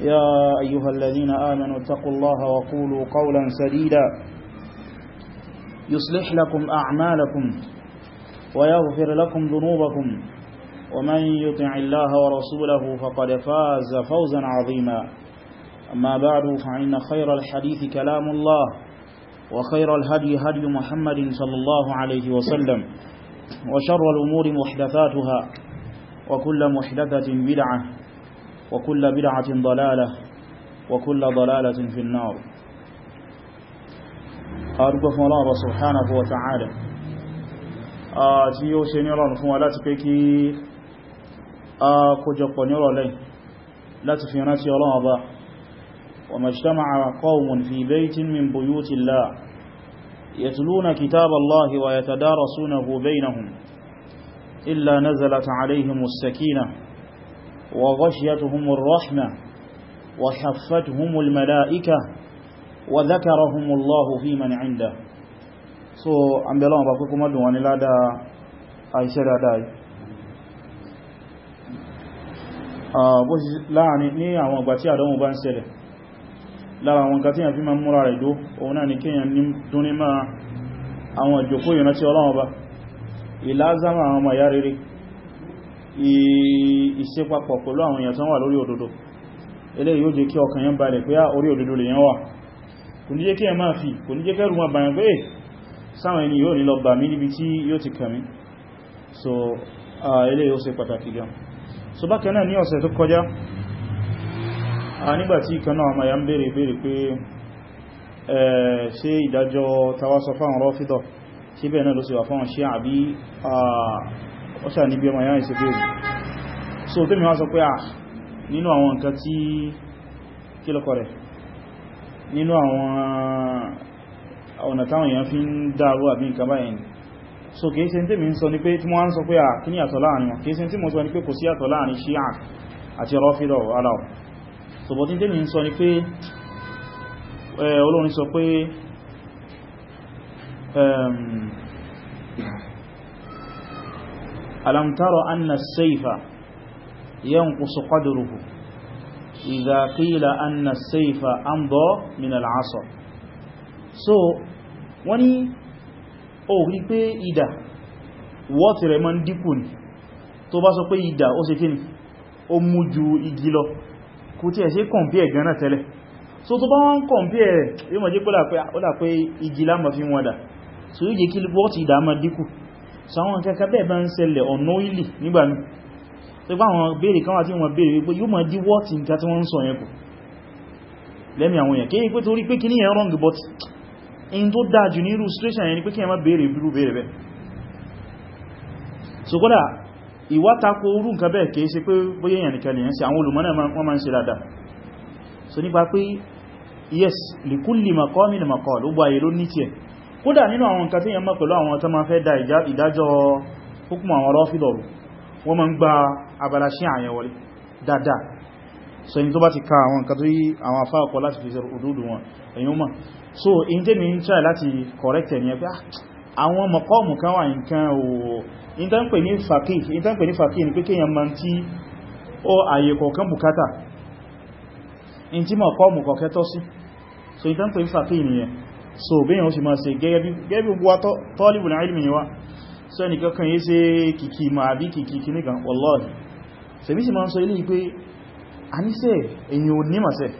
يا أيها الذين آمنوا اتقوا الله وقولوا قولا سديدا يصلح لكم أعمالكم ويغفر لكم ذنوبكم ومن يطع الله ورسوله فقد فاز فوزا عظيما أما بعد فإن خير الحديث كلام الله وخير الهدي هدي محمد صلى الله عليه وسلم وشر الأمور محدثاتها وكل محدثة بدعة وكل بدعة ضلالة وكل ضلالة في النار أرجو الله سبحانه وتعالى آتيو سنيرا فوالات آكو جقو نيرا لي لا تفيناتي الله وما اجتمع قوم في بيت من بيوت الله يتلون كتاب الله ويتدارسونه بينهم إلا نزلت عليهم السكينة وغشيتهم الرحمة وحفتهم الملائكة وذكرهم الله في من عنده so an bẹ̀rẹ̀ wọn bá kúkú mọ́dún wọn ni ládá àìṣẹ́ dáadáa yìí bó sì láàrin ní àwọn ìgbà tí àdánwò bá ń ṣẹlẹ̀ lára àwọn nǹkan tí yàn fi ma múra rẹ̀ dó òun náà ni kíyàn ní dún ní máa àwọn ìjòkó ìrántí ọlọ́wọ́ bá ìlázàmà àwọn ọmọ ìyá rere ìṣepapọ̀ pẹ̀lú àwọn èèyàn tán wà lórí òdodo eléyìí yóò jẹ́ kí ọkàn yẹn balẹ̀ pé ah, orí òdodo lè yẹn wà kò ní jẹ́ kí ẹ máa fi kò ní jẹ́ kẹrù wọn bàyàn pé eh, sáwọn ẹni yóò ní lọ bà mí níbi tí yóò ti kàmí so eléyìí ó ṣe pàtàkì gan so bákan náà ní ọ̀sẹ̀ tó kọjá nígbàtí ìkan náà ma ya ń bèèrè bèèrè pé eh, ṣe ìdájọ́ tawasọ fáwọn rọ́fídọ̀ síbẹ̀ náà ló sì wà fáwọn ṣe àbí ó sà níbi ọmọ yáà ìsẹ́ bèèrè so tó mi wá sọ pé à nínú àwọn nǹkan tí kílọkọ rẹ̀ nínú àwọn ọ̀nà táwọn èèyàn fi ń dáàrú àbí nǹkan báyìí so kìí ṣe tí mi ń sọ ní pé tí wọ́n ń sọ pé à kí ní àtọ̀ láàrin wọn kìí tí mo sọ ní pé kò sí àtọ̀ láàrin Shia àti Rafida aláwọ̀ so bọ̀ tí mi ń sọ ní pé eh, olórin sọ pé ehm, ألم تر أن السيف ينقص قدره إذا قيل أن السيف أمضى من العصر so wọ́n ní ó rí pé ìdà wọ́tí rẹ̀ ma ń dínkù ní tó bá sọ pé ìdà ó sì kíni ó mú igi lọ kò tí ẹ̀ sí kọ̀mpí gan-an tẹ́lẹ̀ so tó bá compare kọ̀mpí ẹ̀ yóò mọ̀ la pé ó dà pé igi lámọ̀ fi wọ́n dà so yóò jẹ́ what ida ìdà ma dínkù so àwọn kẹkẹ bẹ́ẹ̀ bá ń ṣẹlẹ̀ ọ̀nà ilì nígbà mí tó bá àwọn béèrè kan àti wọn béèrè wípé yóò mọ̀ dí wọ́tí nǹkan tí wọ́n ń sọ yẹn kù lẹ́mí àwọn èèyàn kéèké torí pé kí ní ẹ̀ wrong but in tó dáa jù ní irú situation yẹn ni pé kí ẹ má béèrè irú béèrè bẹ́ẹ̀ so kódà ìwà tako irú nǹkan bẹ́ẹ̀ kìí ṣe pé bóyá èèyàn nìkan lèyàn sí àwọn olùmọ́nà wọ́n máa ń ṣe dáadáa so nípa pé yes likulli maqamin maqal ó gbà yẹ ló ní tiẹ̀ kódà nínú àwọn nǹkan tí yẹn mọ́ pẹ̀lú àwọn tó máa fẹ́ da ìdájọ́ hukumu àwọn rọ́fídọ̀rù wọ́n máa ń gba abala sí àyẹ̀wọ̀lé dáadáa so in tó bá ti ka àwọn nǹkan tó yí àwọn afáàkọ́ láti fi ṣẹ̀rù so in tẹ́ mi ń try láti correct ẹ̀ ní ẹgbẹ́ ah, àwọn mọ̀kọ́ọ̀mù kan wà nǹkan òwò ni pé kéèyàn máa tí ó àyè kọ̀ọ̀kan bùkátà in tí so in tẹ́ ń pè ní fàkí so bẹ́yàn ó sì máa ṣe gẹ́gẹ́ bí wà tọ́lìbù náà ilmi wa so ẹni kankan yí ṣe kìkì ma àbí kìkì kì níkan wallahi sẹ̀mí sì máa ń sọ ilé pé a ní sẹ́ èyàn ò ní màṣẹ́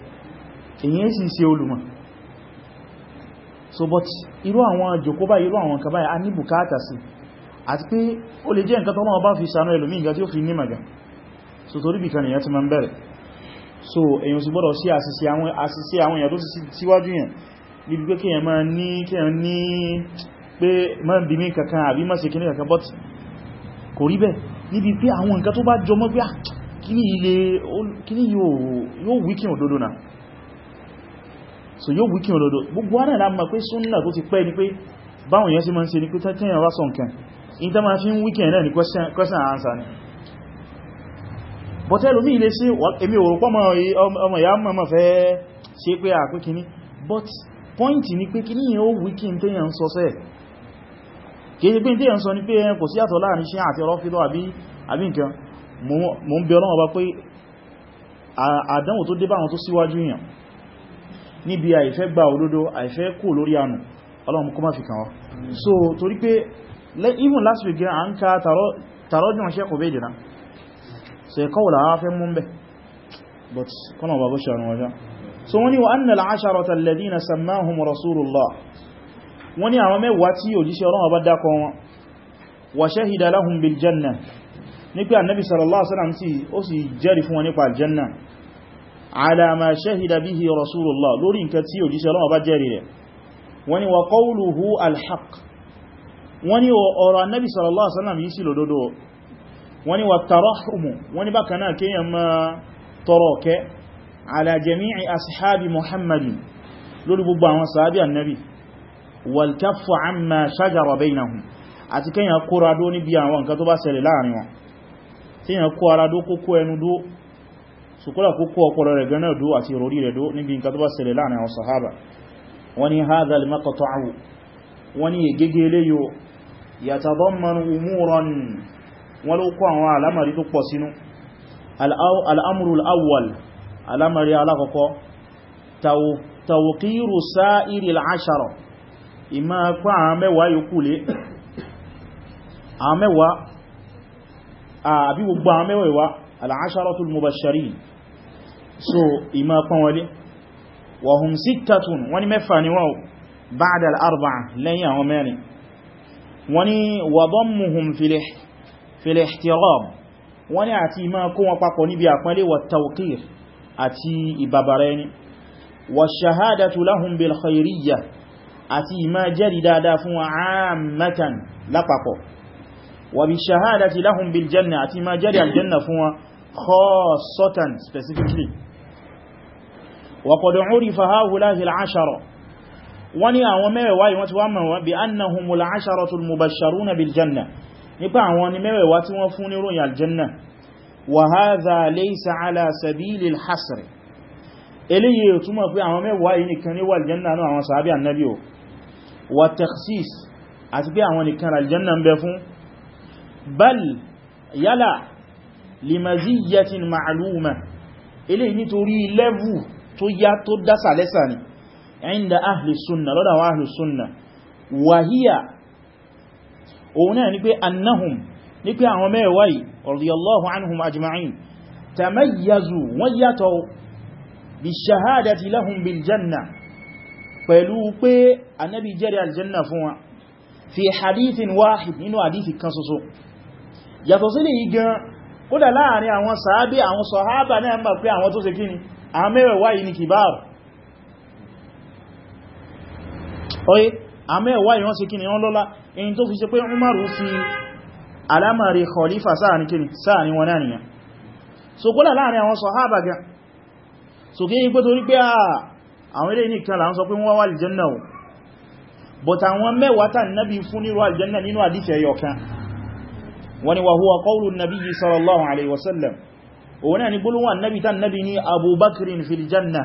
èyàn sì ṣe olùmọ̀ so but irú àwọn jòkóbá irú àwọn kaba a ní bùkátà sí àti pé ó lè jẹ́ nǹkan tọ́lọ́wọ́ bá fi sànú ẹlòmí ìgbà tí ó fi ní màgà so torí bìkan nìyàn ti máa bẹ̀rẹ̀ so èyàn sì gbọ́dọ̀ sí àṣìṣe àwọn èyàn tó síwájú yẹn níbi pé kíyàn máa ní kíyàn ní pé máa bí mí kankan àbí máa ṣe kíní kankan kò rí bẹ́ẹ̀ níbi pé àwọn nǹkan tó bá jọ mọ́ ah, kíní yóò wíkí náà so yóò wíkí òdodo gbogbo ara la mọ̀ pé súnnà tó ti pẹ́ ni pé báwọn èèyàn sí máa ń ṣe ni pé tẹ́yàn wá sọ nǹkan in tá máa fi pọ́ìntì ni pé kí níyàn ó wíkí tí yàn ń sọ sẹ́ kéèkéé pé tí yàn ń sọ ní pé ẹn eh, kò sí àtọ̀ láàrin ṣe àti rọ́fídọ́ àbí nǹkan mo ń bẹ Ọlọ́run bá pé àdánwò tó dé bá tó síwájú yàn níbi àìfẹ́ gba òdodo àìfẹ́ kò lórí ànù Ọlọ́run kó so torí pé even last week gan an ka tàrọ́jùn ṣe kò bèèdì náà so so wọ́n ní wa annal asharata alladhina sammahum rasulullah wọ́n ní àwọn mẹ́wàá tí òjíṣẹ́ Ọlọ́run bá dákọ wọn wa shahida lahum bil janna ní pé annabi sallallahu alaihi wasallam sì ó sì jẹ́rìí fún wọn nípa wa tarahumu wọ́n ní bákan náà kéèyàn máa على جميع أصحاب محمد lórí gbogbo àwọn sàábí annabi wal kaffu amma shajara bainahum àti kíyàn kó radó níbi àwọn nǹkan tó bá ṣẹlẹ̀ láàrin wọn kíyàn kó aradó kókó ẹnu dó sùkúrà kókó ọpọlọ rẹ̀ gánà dó àti ìròrí rẹ̀ dó níbi nǹkan tó bá ṣẹlẹ̀ láàrin àwọn sahaba wọ́n ni hadha al-maqta'u wọ́n ni alámàrí alákọ̀ọ́kọ́ tàwòkírù sáàìrì al-ashara ìmá pa àwọn mẹ́wàá yòókù lé àwọn mẹ́wàá àbí gbogbo àwọn mẹ́wàá al-asharatul mubashirin so ìmá pa wọlé wa hum sittatun wani mẹ́fà ni wọ́n ba'da al-arba'a lẹ́yìn àwọn mẹ́rin wani wa dammuhum fil ihtirab wani àti ìmá kó wọn papọ̀ níbi àpẹẹlẹ̀ wa tawqir àti ìbàbàrà ẹni wà ṣàhádàtù láhùn bil khairiyya àti ìmá jẹ́rì dáadáa fún àmàtàn lápapọ̀ wà bí ṣàhádàtì láhùn bil janna àti ìmá jẹ́rì aljanna fún wa khassatan specifically wà qad urifa haula'i al-ashara wọ́n ní àwọn mẹ́wàá yìí wọ́n ti wá mọ̀ wọ́n bí annahumul وهذا ليس على سبيل الحصر إليه يتوما في عمامي وإن كان يوى الجنة عن صحابي النبي والتخصيص أتبع عن كان الجنة بفون بل يلا لمزية معلومة إليه نتوري لفو تياتو دسا لساني عند أهل السنة لدى أهل السنة وهي أونا نكوي أنهم نكوي عمامي وإن radiyallahu anhum ajma'in tamayyazu wọ́n yàtọ̀ bí shahadati lahum bil janna pẹ̀lú pé annabi jẹ́rẹ̀ aljanna fún wa fi hadithin wahid nínú hadithi kan ṣoṣo yàtọ̀ sí lè yí gan kódà láàrin àwọn sàábé àwọn sọ̀hábà náà mọ̀ pé àwọn tó ṣe kíni àwọn mẹ́wẹ̀wá yìí ni kìbáàrù oye àwọn mẹ́wẹ̀wá yìí wọ́n ṣe kíni wọ́n lọ́lá èyí fi ṣe pé Umaru fi alamari khalifa sáàni kini sáàni wọn náà nìyàn so kódà láàrin àwọn sọ̀hábà gan so kí igbó torí pé àwọn ilé nìkan là ń sọ pé wọ́n wà aljanna o but àwọn mẹ́wàá tàn nábi fún nírò aljanna nínú àdífẹ́ yọkan wani wa huwa qawlu nabiyyi sallallahu alaihi wasallam òun náà ni gbólúwà nábi tàn nábi ní abubakirin fil janna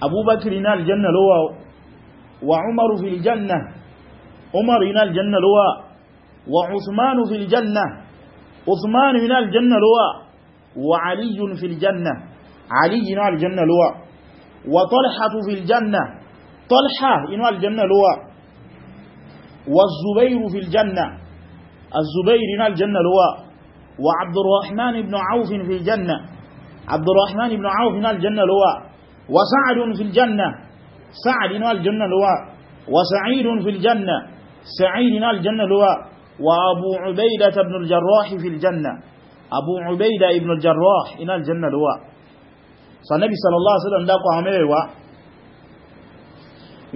abubakirin aljanna lówà wa umaru fil umaru ina aljanna lówà وعثمان في الجنة عثمان من الجنة لواء وعلي في الجنة علي من الجنة لواء وطلحة في الجنة طلحة من الجنة لواء والزبير في الجنة الزبير من الجنة لواء وعبد الرحمن بن عوف في الجنة عبد الرحمن بن عوف من الجنة لواء وسعد في الجنة سعد من الجنة لواء وسعيد في الجنة سعيد من الجنة لواء وأبو عبيدة بن الجراح في الجنة أبو عبيدة بن الجراح إن الجنة لواء فالنبي صلى الله عليه وسلم داقوا عميوا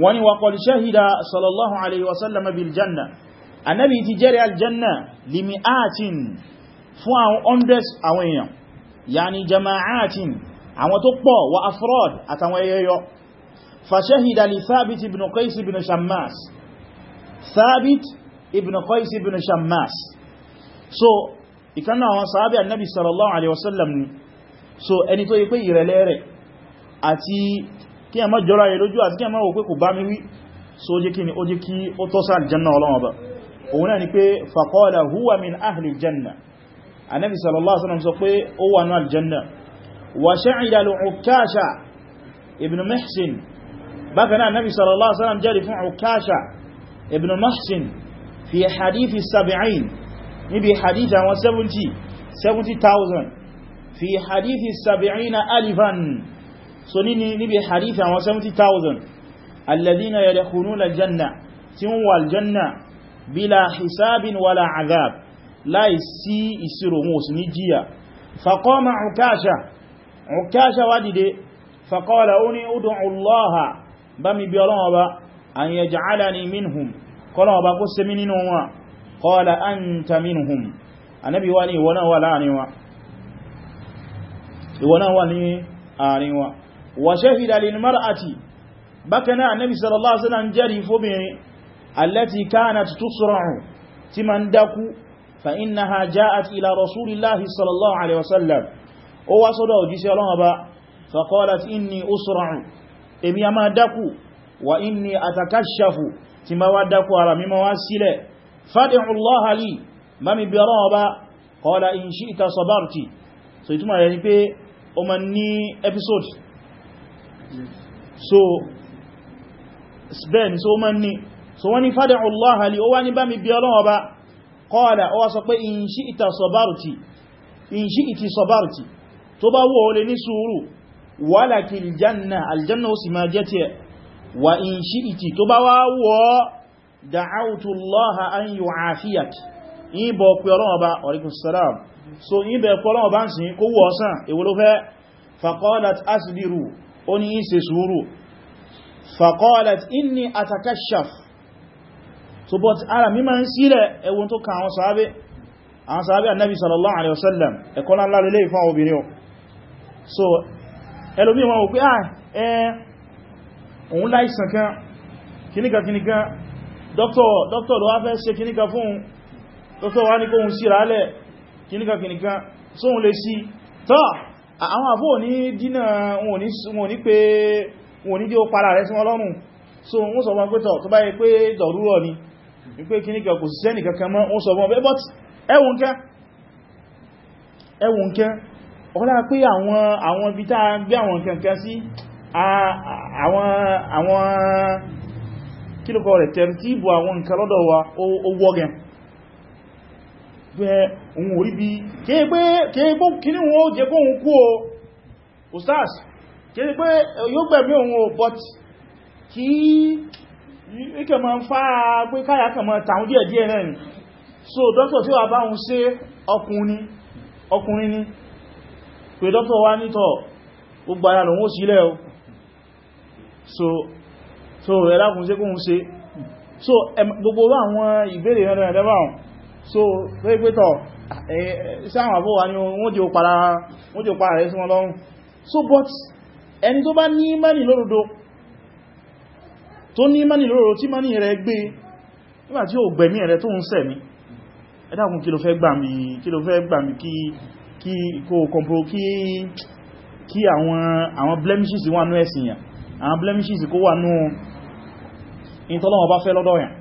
وني وقال شهد صلى الله عليه وسلم بالجنة النبي تجري الجنة لمئات فوا أندس أوين يعني جماعات او tó وافراد wa afrod àtàwọn ẹyẹyọ fàṣẹ́hìdà lè thabit ibn qais ibn qais ibn shammas so ìkanná àwọn sàábí annabi sallallahu alaihi wasallam ni so ẹni tó yí pé ìrẹ̀lẹ̀ rẹ̀ àti kí ẹ má jọra rẹ̀ lójú àti kí ẹ má wò pé kò bá mi wí so ó jẹ́ kí ni ó jẹ́ kí ó tọ́ sáà janna ọlọ́run ọba òun náà ni pé faqala huwa min ahli janna annabi sallallahu alaihi wasallam sọ pé ó wà ní aljanna wa sha'ida al-ukasha ibn muhsin bákan annabi sallallahu alaihi wasallam jẹ́rìí fún ukasha ibn muhsin fi hadithi sab'in níbi hadithi àwọn 70 70,000 fi hadithi sab'in alifan so ní níbi hadithi àwọn 70,000 alladhina yadkhuluna aljanna tí wọ́n wà aljanna bila hisabin wala azab láì sí ìṣirò wọn ò sí ní jíyà faqama ukasha ukasha wádìde faqala ó ní ud'u allaha bá mi bí ọlọ́wọ́ ba an yaj'alani minhum kọ́lọ̀ ọba kó sẹ́mí nínú wọn qala anta minhum anábi wá ní ìwọ náà wà láàrin wa ìwọ náà wà ní àárín wa wa shahida lil mar'ati bákaná anábi sallallahu alaihi wasallam jẹ́rìí fóbìnrin allati kanat tusra'u tí ma ń dákú fa innaha ja'at ila rasulillahi sallallahu alaihi tí ma wá dákú ara mímọ̀ wá sílẹ̀ fad'ullaha li bá mi bẹ̀rọ ọba qala in shi'ta sabarti so ìtumọ̀ rẹ̀ ni pé o ma ní episode so bẹ́ẹ̀ni so o ma ní so wọ́n ni fad'ullaha li o wá ní bá mi bẹ̀rọ ọba qala o wá sọ pé in shi'ta sabarti in shi'ti sabarti wa in shi'ti tó bá wá wọ́ da'awtu Allaha an yu'afiyaki ìbọ̀ pé ọlọ́wọ́ bá ọ̀ríkùn salam so ìbẹ̀ pọ̀lọ́wọ́ bá ń sin kó wọ́ ọ̀sán ìwòlófẹ́ faqalat asbiru ó ní ìse sùúrù faqalat inni atakashaf so but ara mi ma ń sílẹ̀ ẹwọ́n tó ka àwọn sàábé àwọn sàábé annabi sallallahu alaihi wasallam ẹ̀kọ́ òun láìsàn kan kíníkà kíníkà dọ́kítọ̀ ló wá fẹ́ ṣe kíníkà fún dọ́kítọ̀ wá ní kó hun síra alẹ́ kíníkà kíníkà sóhun lè sí tọ́ àwọn àfó ní dínà wọn ní pé wọn ní dí ó para rẹ̀ sí wọn lọ́rùn so wọ́n sọ wọn pé tọ̀ tó bá yẹ pé dọ̀rúrọ̀ ni wípé kíníkà kò síṣẹ́ nìkankan mọ́ wọ́n sọ wọn pé but ẹwùn kẹ́ ẹwùn kẹ́ ọlá pé àwọn ibi tá gbé àwọn kankan sí àwọn kílùkọ rẹ̀ tẹ̀rìtìbù àwọn nǹkan lọ́dọ̀ wa ó wọ́gẹn pẹ́ ohun orí bí kéègbó kíní wọn ó jẹ kó ohun kú o ustaz kéègbé pé yóò gbẹ̀mí ohun o but kí ikẹ̀ ma ń fára pé káyà kàn ma tàun díẹ̀ díẹ̀ náà ni so dókítà tí wà bá ohun ọkùnrin ni pé dókítà wá nítọ̀ gbogbo ara lòun ó sílẹ̀ so so ẹlákùn sí kún ṣe so gbogbo àwọn ìbéèrè rẹ̀ rẹ̀ dábàun so pé pẹ́tọ̀ sáwọn àbúwà ni wọ́n jẹ́ òpàá rẹ̀ sí wọn lọ́rùn so but ẹni tó bá ní mẹ́rin lórodo tó ní mẹ́rin lórodo tí mẹ́rin rẹ̀ gbé nígbà tí ó gbẹ̀mí rẹ̀ tó ń sẹ̀mí ẹ dákun kí ló fẹ́ gbà mí kí ló fẹ́ gbà mí kí kò kọ̀m̀pọ̀ kí àwọn blemishes wà ní ẹ̀sìyàn àwọn blemishes kó wà nú ìtọ́lọ́wọ́ bá fẹ́ lọ́dọ̀ yẹn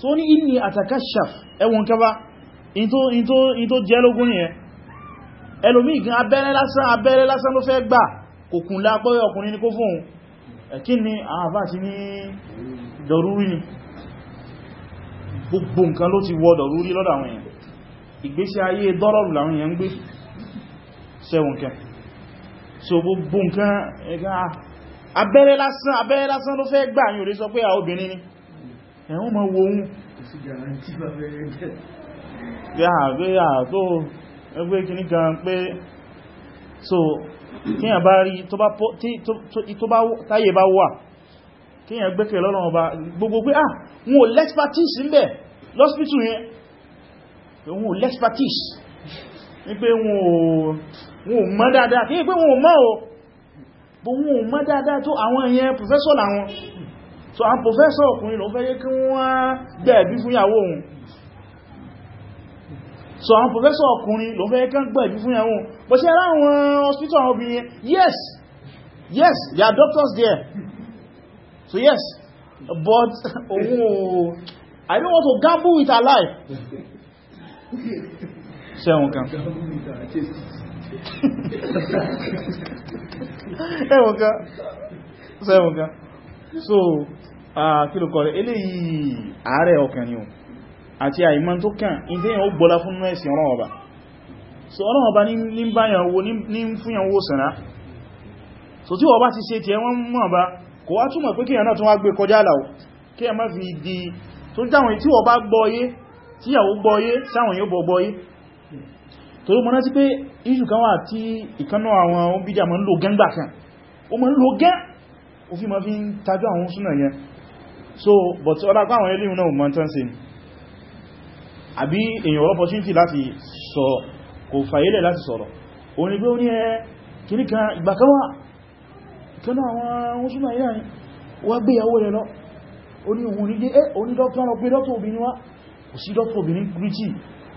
so ní inni atakashaf ẹwọ̀n kẹba in tó jẹ́ lógún yẹn ẹlòmí ìgbìn abẹ́rẹ́ lásán abẹ́rẹ́ lásán ló fẹ́ gbà kòkùn lápẹ́rẹ́ ọkùnrin ní kó fóun ẹ̀kí ni àwọn àbá ti ní dọ̀rúrí ni gbogbo nǹkan ló ti wọ dọ̀rúrí lọ́dọ̀ àwọn èèyàn ìgbésí ayé dọ́rọ̀rù làwọn èèyàn ń gbé sẹ́wọ̀n so gbogbo nǹkan ẹgbẹ́ abẹ́rẹ́ lásán abẹ́rẹ́ lásán ló fẹ́ gbà ní orí sọ pé àwọn ah, obìnrin ni ẹ̀hún ma wo ohun ẹgbẹ́ kìíní gan pé so kíyàn bá rí táyé bá wà kíyàn gbẹ́kẹ̀ lọ́nà pé ah wọn ò l'expertise ń bẹ̀ lọ́spítù yẹn wọn ò l'expertise ní pé wọn ò mọ́ dáadáa kí ní pé wọn ò mọ́ o bó wọn mọ́ dáadáa tó àwọn èèyàn professor làwọn so àwọn professor ọkùnrin ló fẹ́yẹ́ kí wọ́n gbẹ̀bí fún ìyàwó òun so àwọn professor ọkùnrin ló fẹ́yẹ́ kí wọ́n gbẹ̀bí fún ìyàwó òun bó ṣe hospital àwọn obìnrin yes yes there are doctors there so yes but I don't want to gamble with her life ṣẹ́wọ̀n kan ẹwọ̀n ká sẹ́wọ̀n ká so kílùkọ̀ rẹ̀ eléyìí ààrẹ ọkàn ni o àti àìmọ́ tó kàn in tí ó gbọ́lá fún ọba so ọ̀rọ̀ ọba ní ń báyàn ní ń fún yàn ọba ti ṣe tí ẹwọ́n ọba kò wá túnmọ̀ pé náà tún wá gbé kọjá àlàó kí ẹ má fi di tó ń táwọn tí ọba sáwọn yóò torí mọ́ rántí pé iṣù kan wà tí ìkanná àwọn ohun bídí àmọ́ ń lò gán kan o mọ́ ń lò gán o fi ma fi ń tajú àwọn súnà yẹn so but ọlá pá àwọn ilé ìrìnà òmọ́ tán sí àbí èyàn opportunity láti sọ kò fàyílẹ̀ láti sọ̀rọ̀ o ní pé ó ní ẹ kìrí kan ìgbàkánwà ìkanná àwọn ohun súnà yẹn wá gbéyàwó rẹ̀ lọ o ní òun ní dé ẹ́ onídọ́kọ́ lọ pé dọ́tọ̀ obìnrin wá kò sí dọ́tọ̀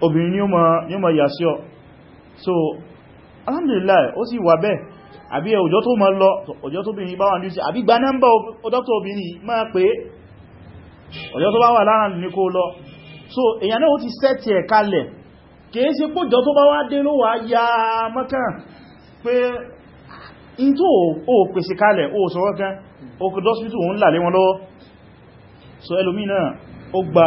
obìnrin ni ó ma yà sí ọ so alhamdulillah ó sì wà bẹ́ẹ̀ àbí ẹ òjò tó ma lọ òjò tó bìnrin bá wà ní sí àbí gba nọ́mbà ọdọ́tọ̀ obìnrin máa pé òjò tó bá wà lára ní kó lọ so èyàn náà ó ti sẹ́tì ẹ̀ kalẹ̀ kìí ṣe pójọ tó bá wá dé ló wà ya mọ́kàn pé in tó ó pèsè kalẹ̀ ó sọ̀rọ̀ kan ó kò dọ́sítù òun là wọn lọ́wọ́ so ẹlòmí náà ó gba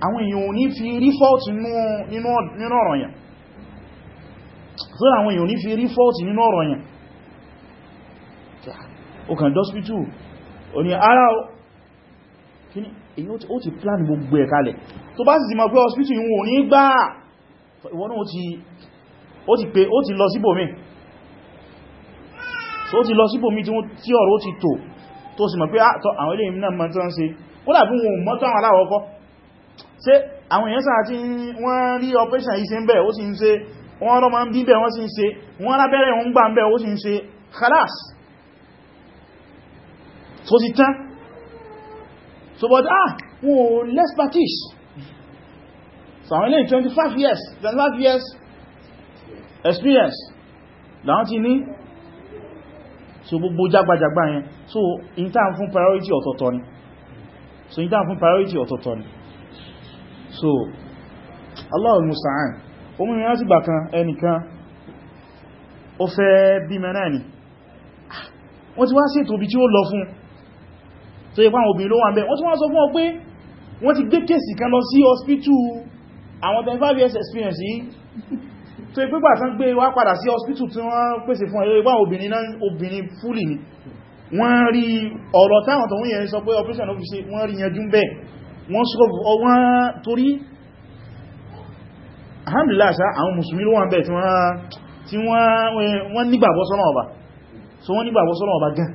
àwọn èèyàn ò ní fi rí fọ́ọ̀tì nínú ọ̀rọ̀ yẹn tó àwọn èèyàn ò ní fi rí fọ́ọ̀tì nínú ọ̀rọ̀ yẹn o kàn dọ́spítù o ní ara o kí ni èyí ó ti plan gbogbo ẹ̀ kalẹ̀ tó bá sì ti mọ̀ pé hospital yìí wọ́n ní gbá ìwọ náà ó ti pé ó ti lọ so ó ti lọ síbòmí tí ọ̀rọ̀ ó ti tò tó sì mọ̀ pé ah, àwọn ilé ìmìnà mọ́ tán ṣe àwọn èèyàn sáà tí wọ́n rí operation yìí ṣe ń bẹ̀ ó sì ń ṣe wọ́n rọ́ ma ń bí bẹ̀ wọ́n sì ń ṣe wọ́n lábẹ́rẹ̀ wọ́n gbà ń bẹ̀ ó sì ń ṣe khalas so ti tán so but ah wọ́n less parties so àwọn ilé 25 years 25 years experience láwọn ti ní so gbogbo jágbàjàgbà yẹn so in time fún priority ọ̀tọ̀ọ̀tọ̀ ni so in time fún priority ọ̀tọ̀ọ̀tọ̀ ni so Allahu musta'an omi ìrìn láti gbàkan ẹnìkan ó fẹ́ bí mẹ́rẹ́ ni ah, wọ́n ti wá sí ètò ibi tí ó lọ fún tó yẹ pàwọn obìnrin ló wà ń bẹ wọ́n ti wá sọ fún ọ pé wọ́n ti gbé kéèsì kan lọ sí hospital àwọn 25 years experience yìí tó yẹ pé gbàtán gbé wá padà sí hospital tí wọ́n pèsè fún ẹ̀yẹ pàwọn obìnrin náà obìnrin fúlì ni wọ́n rí ọ̀rọ̀ táwọn tọ̀hún yẹn sọ pé operation office wọ́n rí yẹn jú bẹ́ẹ̀ wọ́n sọ́bù ọwọ́n torí alhamdulillah sá àwọn musulmi ló wọ́n bẹ̀ tí wọ́n nígbàgbọ́ sọ́nà ọba so wọ́n nígbàgbọ́ sọ́nà ọba gan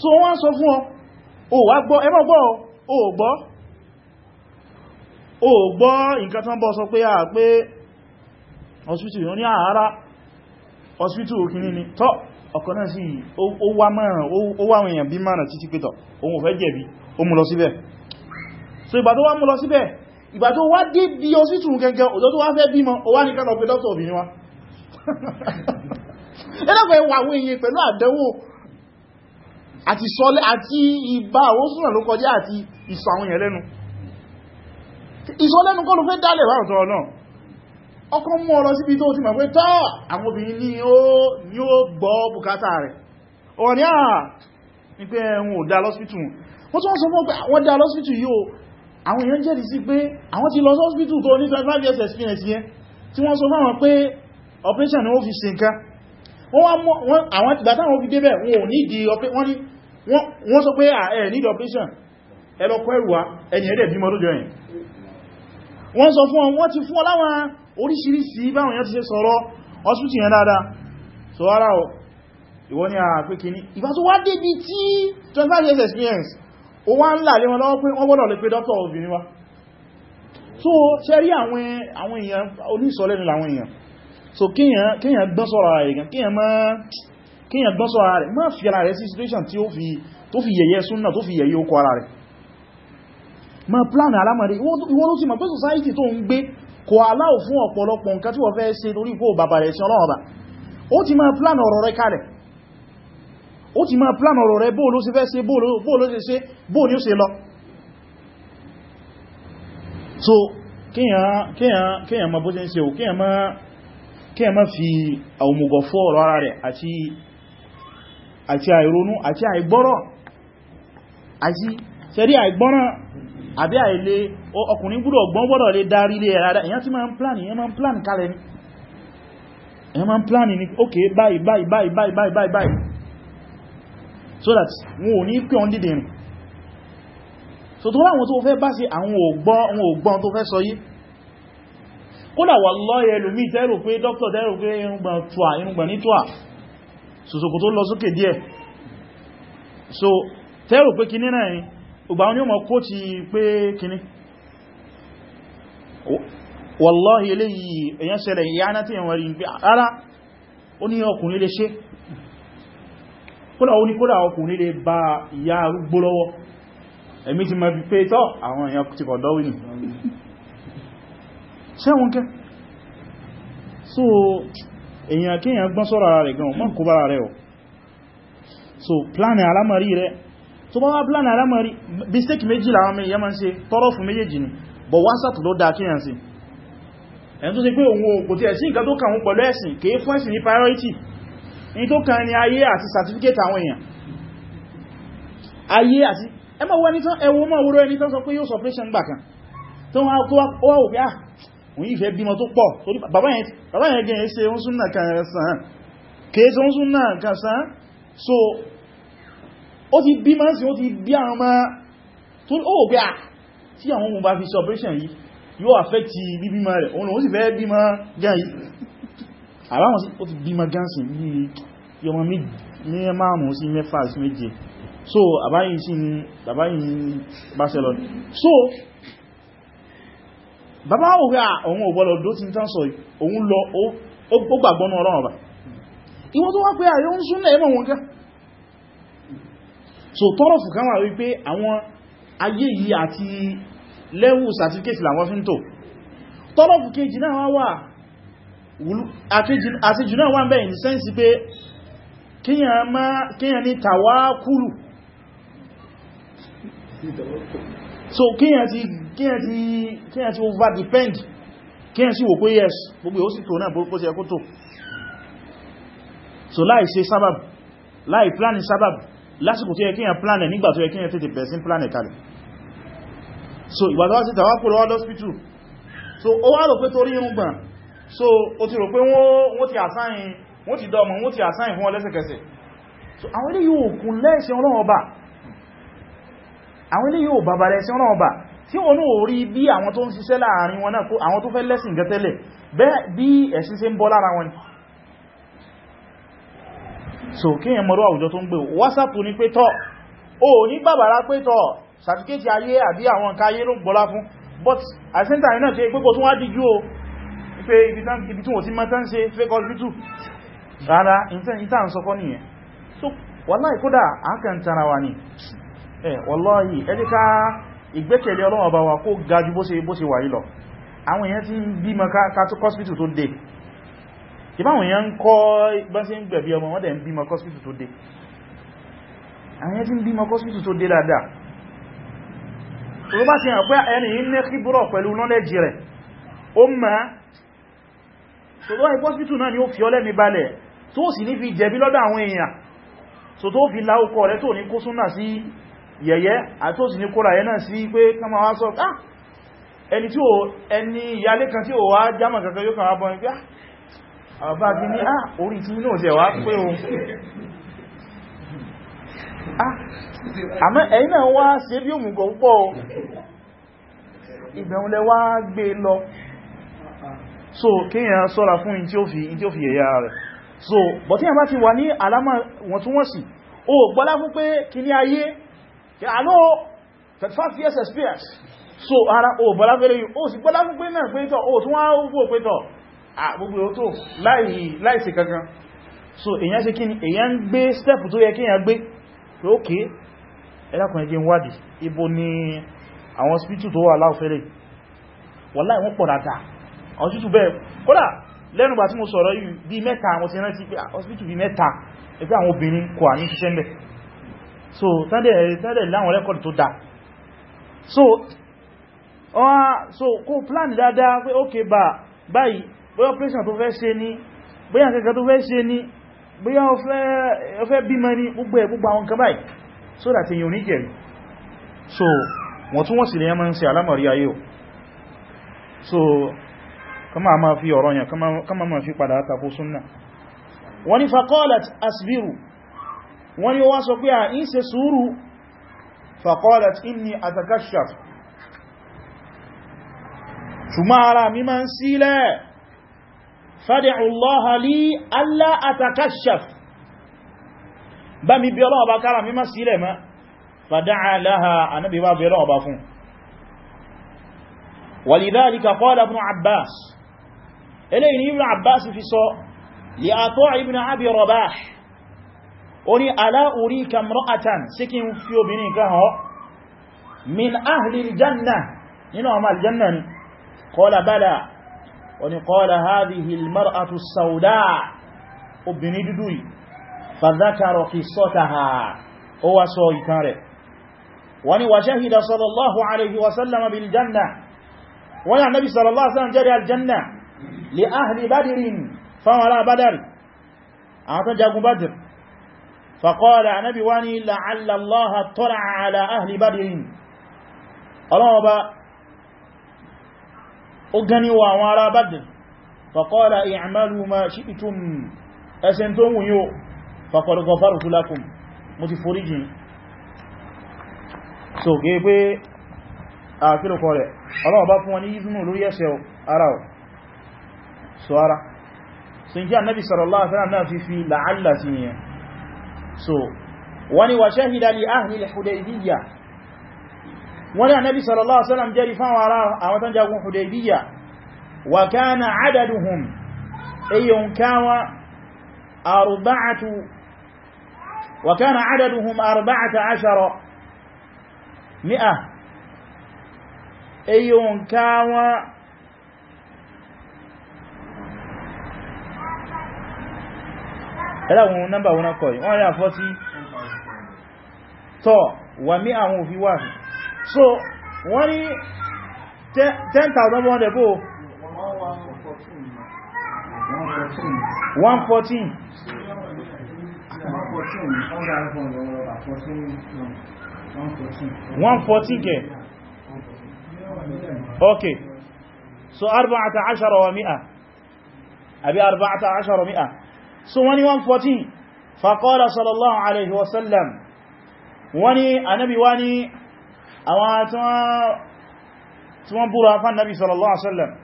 so wọ́n sọ fún ọ o wá gbọ́ ẹmọ́ gbọ́ o gbọ́ o gbọ́ nǹkan tán bọ́ sọ pé à pé hospital yóò ni tọ́ ọ̀kan náà sí ó wá mẹ́rin ó wá àwọn èèyàn bí mẹ́rin títí pẹ́tọ̀ òun ò fẹ́ jẹ̀bi ó mú lọ síbẹ̀ so ìgbà tó wá mú lọ síbẹ̀ ìgbà tó wá dé bí ó sì tún gẹ́gẹ́ òjò tó wá fẹ́ bímọ ó wá ní kánà pé dókítà obìnrin wa ẹlẹ́gbẹ̀ wà àwọn èèyàn pẹ̀lú àdẹ́wò àti sọlẹ̀ àti ìbá àwọn súnà ló kọjá àti ìsọ àwọn èèyàn lẹ́nu ìsọlẹ́nu kọ́ ló fẹ́ dálẹ̀ wà ọ̀tọ̀ náà ọkọ̀ mú ọ̀rọ̀ síbi tó ti mọ̀ pé tọ́ àwọn obìnrin ni ó gbọ́ bùkátà rẹ̀ ọ̀rọ̀ ni àà ní pé ẹ̀hùn ò dá lọ́sìtù wọ́n tún sọ fún pé wọ́n dá lọ́sìtù yóò àwọn èèyàn jẹ́rìí sí pé àwọn ti lọ hospital tó ní 25 years experience yẹn tí wọ́n sọ fáwọn pé operation ni ó fi ṣe nǹkan àwọn ìgbàtàwọn fi débẹ̀ wọn ò nídi wọ́n sọ pé ah, ẹ̀ need operation ẹlọ́kọ́ ẹ̀rùwá ẹni ẹ̀dẹ̀ bímọ lójọ yìí wọ́n sọ fún wọn ti fún ọ láwọn oríṣiríṣi báwọn èèyàn ah, pé kìíní ìgbà tó wá débi ó wá ń là lé wọn lọ́wọ́ pé wọ́n gbọ́dọ̀ lè pé dókítà obìnrin wa so ṣe rí àwọn èèyàn onísọ̀lẹ́nu làwọn èèyàn so kíyàn gbọ́n sọ́ra rẹ̀ gan kíyàn gbọ́n sọ́ra rẹ̀ má fi ara rẹ̀ sí situation tí ó fi yẹ̀yẹ́ súnnà tó fi yẹ̀yẹ́ okó ara rẹ̀ ma plan alamari ìwọ́n ló ti mọ̀ pé society tó ń gbé kò aláò fún ọ̀pọ̀lọpọ̀ nǹkan tí wọ́n fẹ́ ṣe lórí kó bàbà rẹ̀ sí ọlọ́ọ̀bà ó ti ma plan ọ̀rọ̀ rẹ̀ kalẹ̀ ó ti máa plan ọ̀rọ̀ rẹ̀ bóò ló ṣe fẹ́ ṣe bóò ló ṣe ṣe bóò ní ó ṣe lọ so kíyàn ma bó ṣe ṣe ò kíyàn ma fi àwòmùgọ̀ fọ́ ọ̀rọ̀ ara rẹ̀ àti àìronú àti àìgbọ́rọ̀ àti sẹ́rí àìgbọ́ràn àbí àìlé ọkùnrin gbọ́dọ̀ gbọ́n gbọ́dọ̀ lè darí lé ẹ̀rádá èyàn tí ma ń plan èyàn ma ń plan kalẹ̀ ni èyàn ma ń plan ni ok báyìí báyìí báyìí báyìí báyìí so that wọn ò ní pé ọ́n dìde rìn so tó láwọn tó fẹ́ bá sí àwọn ògbọ́n tó fẹ́ sọ yí kódà wà lọ́yẹ lómi tẹ́rò pé dókítà tẹ́rò pé irùngbọ̀n tùà irùngbọ̀n ní tùà sòsòkò tó lọ sókè díẹ̀ so tẹ́rò pé kíní náà yìí ògbà wọn ni ó mọ̀ kó ti pé kíní wàlláhì eléyìí èyàn ṣẹlẹ̀ ìyá náà tí èyàn wọ́n rí ní pé ara ó ní ọkùnrin lè ṣe kódà ó ní kódà ọkùnrin lè bá ìyá arúgbó lọ́wọ́ ẹ̀mí ti mọ̀ bí pé tọ́ àwọn èèyàn ti kọ̀ dọ́wì nì ṣẹ́wọ́n kẹ́ so èèyàn kí èèyàn gbọ́n sọ́rọ̀ ara rẹ̀ gan mọ́ kó bára rẹ̀ ọ̀ so pláni alamari rẹ̀ tó bá wá pláni alamari mistake méjì láwọn mẹ́ yẹmọ́ sí tọ́rọ̀ fún méjèèjì ni bọ̀ wásàt ló dá kí èèyàn sí priority ní tó kàn ní ayé àti certificate àwọn èèyàn ayé àti ẹmọ wọ́n ní tán ẹwọ mọ́ wúrọ ẹni tán sọ pé yóò sọ pé ṣe ń gbà kan tó wọ́n wá òfin à ah, òun yìí fẹ́ bímọ tó pọ̀ torí bàbá yẹn gẹ̀ẹ́ ṣe oún súnnà kan kan so ó ti bí máa sí ó ti bí àwọn ọmọ tó ó pé à ah, tí àwọn ohun bá rẹ̀ àbáwọn ó ti bímọ gánsì bí i ọmọ márùn-ún sí mẹ́fà sí méje so àbáyìn sí àbáyìn Barcelona so bàbá òwúrà ah, òun ò bọ́lọ̀ dó ti ń tán sọ òun lọ ó gbàgbọ́ náà ọlọ́run ọba ìwọ́n tó wá pé àyọ́ ah, ń súnlẹ̀ ẹmọ wọn ká so tọ́rọ̀ fùkán wà wípé àwọn ayé yìí àti lẹ́wù sàtífíkẹ́tì làwọn fi ń tò tọ́rọ̀ àṣejù náà wà ń bẹ̀ in sense pé kíyàn ní tàwákùlù so kíyàn ti kíyàn ti over depend kíyàn sí wò pé yes gbogbo ó sì tó náà bó ṣe ẹkú tó so láì se sábàb láì pláni sábàb lásìkò tí ẹkíyàn plánẹ̀ nígbà tó ẹkíyàn tètè bẹ̀ sí plánẹ̀ kalẹ̀ so ìgbàtọ́wà sí tàwákùlù all hospital so ó wá rò pé torí irúgbọ̀n so o ti rò pé wọ́n ti àsáyìn wọ́n ti dọ́mọ̀ wọ́n ti àsáyìn fún wọn lẹ́sẹ̀kẹsẹ̀ so àwọn ilé yóò kún lẹ́ẹ̀ṣẹ́ ọlọ́wọ́ bà àwọn ilé yóò bàbà lẹ́ẹ̀ṣẹ́ ọlọ́wọ́ bà tí wọn ò rí bí àwọn tó ń ṣiṣẹ́ láàrin wọn náà kó àwọn tó fẹ́ lẹ́sìn gẹ́tẹ́lẹ̀ bẹ́ẹ̀ so kí èyàn mọ̀rọ̀ àwùjọ tó ń gbé wásàpù ní pé tọ́ o ní bàbára pé tọ́ sàtíkéètì ayé àbí àwọn nǹkan ayé ló but àṣíntà náà ṣe pé pé ibi tí wọ́n ti mọ́ta ń ṣe fake hospital rárá ìta ń so wallahi kódà àákàn tara wa ní ẹ̀ wallahi ẹjíká ìgbẹ́kẹ̀lẹ̀ Ọlọ́run wa kó gajù bó ṣe wà yí lọ àwọn hospital to bá hospital to ti hospital hàn pé ẹni ní kíbúrọ̀ pẹ̀lú rẹ̀ O máa so tó ipọ́sítù náà ni ó fi ọlẹ́mi balẹ̀ tó sì ní fi jẹ̀bi lọ́dọ̀ àwọn èèyàn so tó fi láúkọ rẹ̀ tó ní kó súnà sí yẹ̀yẹ́ àtó sì ní kóra yẹ náà sí pé kánmà wá sọ ah ẹni tí ó ẹni ìyálé kan tí ó wá jámà kankan yóò kàn wá bọ́n pé ah, àbá bí ní ah orí o ah, àmọ́ ẹ̀yìn náà wá sí bí òmùgọ̀ púpọ̀ ìgbẹ̀rún so kíyàn sọ́ra fún in tí ó fi in tí ó fi yẹ̀yà rẹ̀ so bọ̀ tí a bá ti wà ní alámà wọ̀ntúnwọ̀nsì o gbọ́lá fún pé kí ní ayé àánú 35 years experience so ara o gbọ́lá fẹ́rẹ̀ yìí o sì gbọ́lá fún pé náà pé tọ́ o tún wá gbọ́ pé tọ́ gbogbo tó láìsí so èyàn ṣe kí ni èyàn ń gbé step tó yẹ kíyàn gbé pé ókè ẹlákùnrin jẹ́ wádìí ibo ni àwọn spiritu tó wà láòfẹ́rẹ̀ wọ́n wọ́n pọ̀ dáadáa ọ̀tútù bẹ́ẹ̀ kódà lẹ́nubà tí mo sọ̀rọ̀ bí mẹ́ta àwọn ti rántí pé ah, hospital bí mẹ́ta ẹgbẹ́ àwọn obìnrin kò à ní ṣiṣẹ́ mẹ́ so tẹ́lẹ̀ láwọn rẹ́kọ̀dì tó dáa so so kó plan dáadáa pé ok bá báyìí bóyá operation tó fẹ́ ṣe ní bóyá so kama ma fi ọ̀rọ̀ yẹn kama ma fi padà àtàkù súnnà wani faqalat asbiru wani wá sọ pé a in ṣe sùúrù faqalat inni atakashaf ṣùgbọ́n ara mi ma ń sílẹ̀ fad'u Allaha li alla atakashaf bá mi eléyìí ni ibn abbas fi sọ li ato ibn abi rabah ó ní ala urika imra'atan sikin fi obìnrin kan ho min ahli aljanna nínú ọmọ aljanna ni qala bala ó ní qala hadhihi almar'atu as-sawda obìnrin dúdú yìí fadhakara qissataha ó wá sọ ìtàn rẹ̀ wani wa shahida sallallahu alaihi wasallam bil janna wani annabi sallallahu alaihi wasallam jari aljanna lè ahìlì bádìrín fáwọn ará bádàrí àwọn tó jagun bádìr fàkọ́ọ̀lá anábi wá ní la'allallaha tọ́rà àlà ahìlì bádìrín ọlọ́wọ́ba ó ganiwa àwọn ará bádìr fàkọ́ọ̀lá i'malu ma shi'tum ẹsẹn tó wùn yóò fàkọ̀lọ́gọ́ fárùkú lákùn mo ara ọ̀ so ara so in ji annabi sallallahu alaihi wasallam na fi fi la'alla sí ni so wani wa shahida li ahli al-hudaybiyya wani annabi sallallahu alaihi wasallam jari fa wara àwọn tan jagun hudaybiyya wa kana adaduhum ayyun kawa arba'atu wa kana adaduhum 14 mi'a ayyun kawa ẹ̀láwọn nọ́mbà wọn kọ̀ yìí wọ́n rí àfọ́tí tọ́ wà ní àwọn òfin wà fi so wọ́n ní 10,100 bó 114 114 kẹ ok so 14 wa mi'a àbí 14 wa mi'a so wani 114 faqala sallallahu alaihi wasallam wani anabi wani àwọn tí wọ́n búra fán nabi sallallahu alaihi wasallam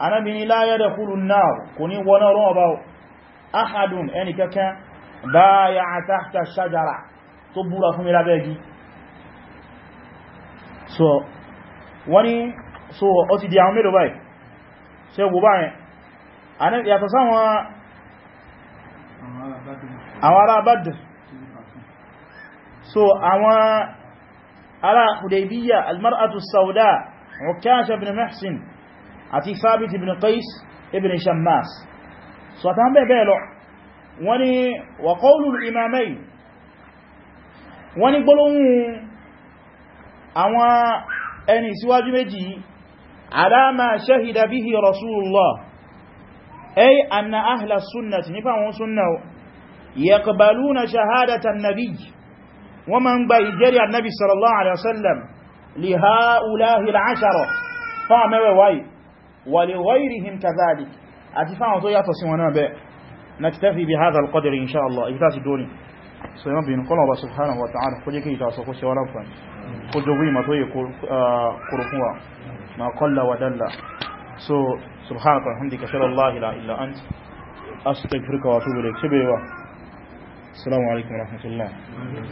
anabi ni la yadkhulu an-nar kò ní wọ́n rán ọba ahadun ẹni kankan báyà tahta shajara tó búra fún mi lábẹ́ igi so wani so ó ti di àwọn mélòó báyìí àwọn ará Badr so àwọn ará Hudaybiyya almar'atu sauda Ukasha ibn Muhsin àti Thabit ibn Qais ibn Shammas so àtàwọn bẹ́ẹ̀ lọ wọ́n ní wa qawlu al-imamayn wọ́n ní gbọ́lọ́hun àwọn ẹni síwájú méjì ala ma shahida bihi Rasulullah ay anna ahla sunnati nípa àwọn sunna يقبلون شهادة النبي ومن بيجري النبي صلى الله عليه وسلم لهؤلاء العشرة فعما واي ولغيرهم كذلك أتفاهم طيئة سوانا بي نكتفي بهذا القدر إن شاء الله إفتاس سيما سينبي نقول الله سبحانه وتعالى قل يكي تاسقوا سوانا فان قل جويمة آه، قرقوا ما قل ودل so subhanaka hamdika shallallahu la ilaha illa ant astaghfiruka wa atubu ilayk السلام عليكم ورحمة الله